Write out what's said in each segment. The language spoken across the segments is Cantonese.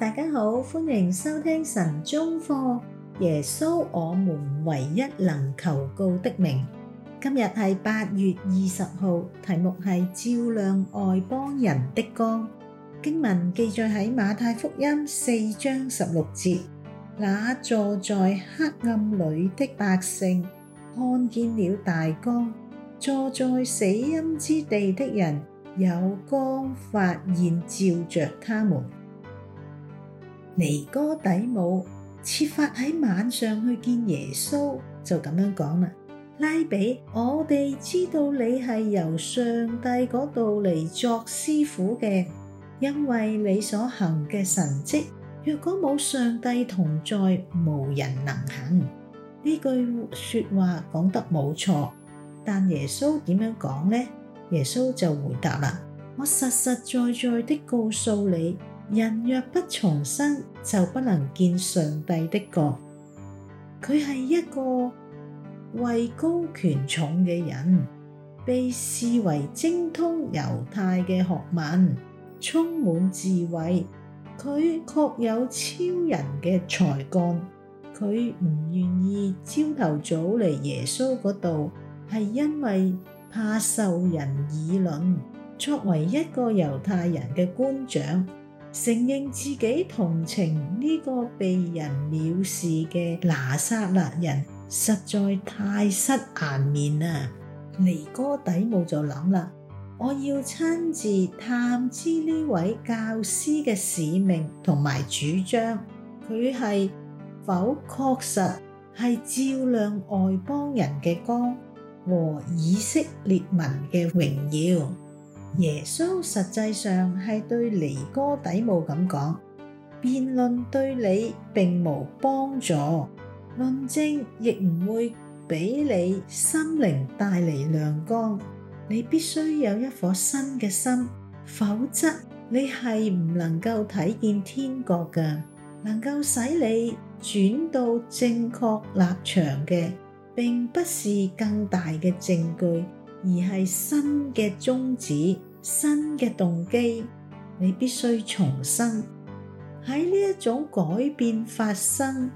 大家好，歡迎收聽神中課。耶穌，我們唯一能求告的名。今日係八月二十號，題目係照亮外邦人的光。經文記載喺馬太福音四章十六節，那坐在黑暗裏的百姓看見了大光，坐在死蔭之地的人有光發現照着他們。尼哥底母設法喺晚上去見耶穌，就咁樣講啦。拉比，我哋知道你係由上帝嗰度嚟作師傅嘅，因為你所行嘅神蹟，若果冇上帝同在，無人能行。呢句說話講得冇錯，但耶穌點樣講呢？耶穌就回答啦：我實實在在的告訴你。人若不重生，就不能見上帝的國。佢係一個位高權重嘅人，被視為精通猶太嘅學問，充滿智慧。佢確有超人嘅才幹。佢唔願意朝頭早嚟耶穌嗰度，係因為怕受人議論，作為一個猶太人嘅官長，承認自己同情呢個被人藐視嘅拿撒勒人，實在太失顏面啦！尼哥底母就諗啦，我要親自探知呢位教師嘅使命同埋主張，佢係否確實係照亮外邦人嘅光和以色列民嘅榮耀。耶穌實際上係對尼哥底母咁講：辯論對你並無幫助，論證亦唔會畀你心靈帶嚟亮光。你必須有一顆新嘅心，否則你係唔能夠睇見天國嘅。能夠使你轉到正確立場嘅，並不是更大嘅證據。而係新嘅宗旨、新嘅動機，你必須重生。喺呢一種改變發生，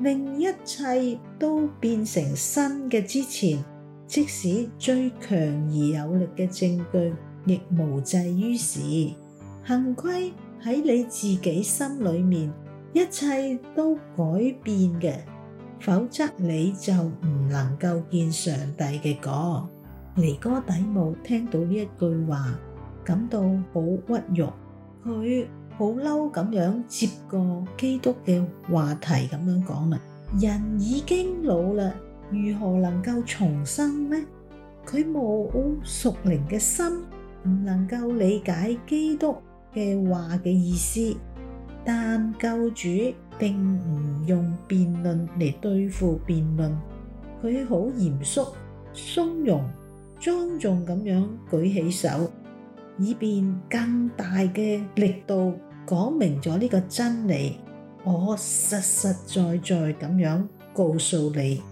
令一切都變成新嘅之前，即使最強而有力嘅證據亦無濟於事。幸虧喺你自己心裏面，一切都改變嘅，否則你就唔能夠見上帝嘅果。尼哥底母聽到呢一句話，感到好屈辱。佢好嬲咁樣接個基督嘅話題咁樣講啦。人已經老啦，如何能夠重生呢？佢冇屬靈嘅心，唔能夠理解基督嘅話嘅意思。但救主並唔用辯論嚟對付辯論，佢好嚴肅、鬆容。莊重咁樣舉起手，以便更大嘅力度講明咗呢個真理。我實實在在咁樣告訴你：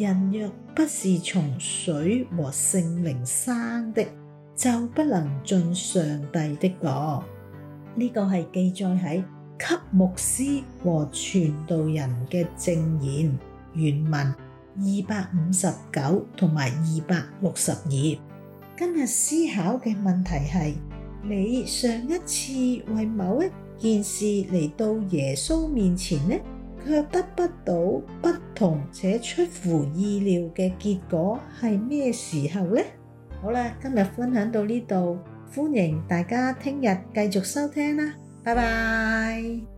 人若不是從水和聖靈生的，就不能進上帝的國。這」呢個係記載喺給牧師和傳道人嘅證言原文。二百五十九同埋二百六十二。今日思考嘅問題係：你上一次為某一件事嚟到耶穌面前呢，卻得不到不同且出乎意料嘅結果，係咩時候呢？好啦，今日分享到呢度，歡迎大家聽日繼續收聽啦，拜拜。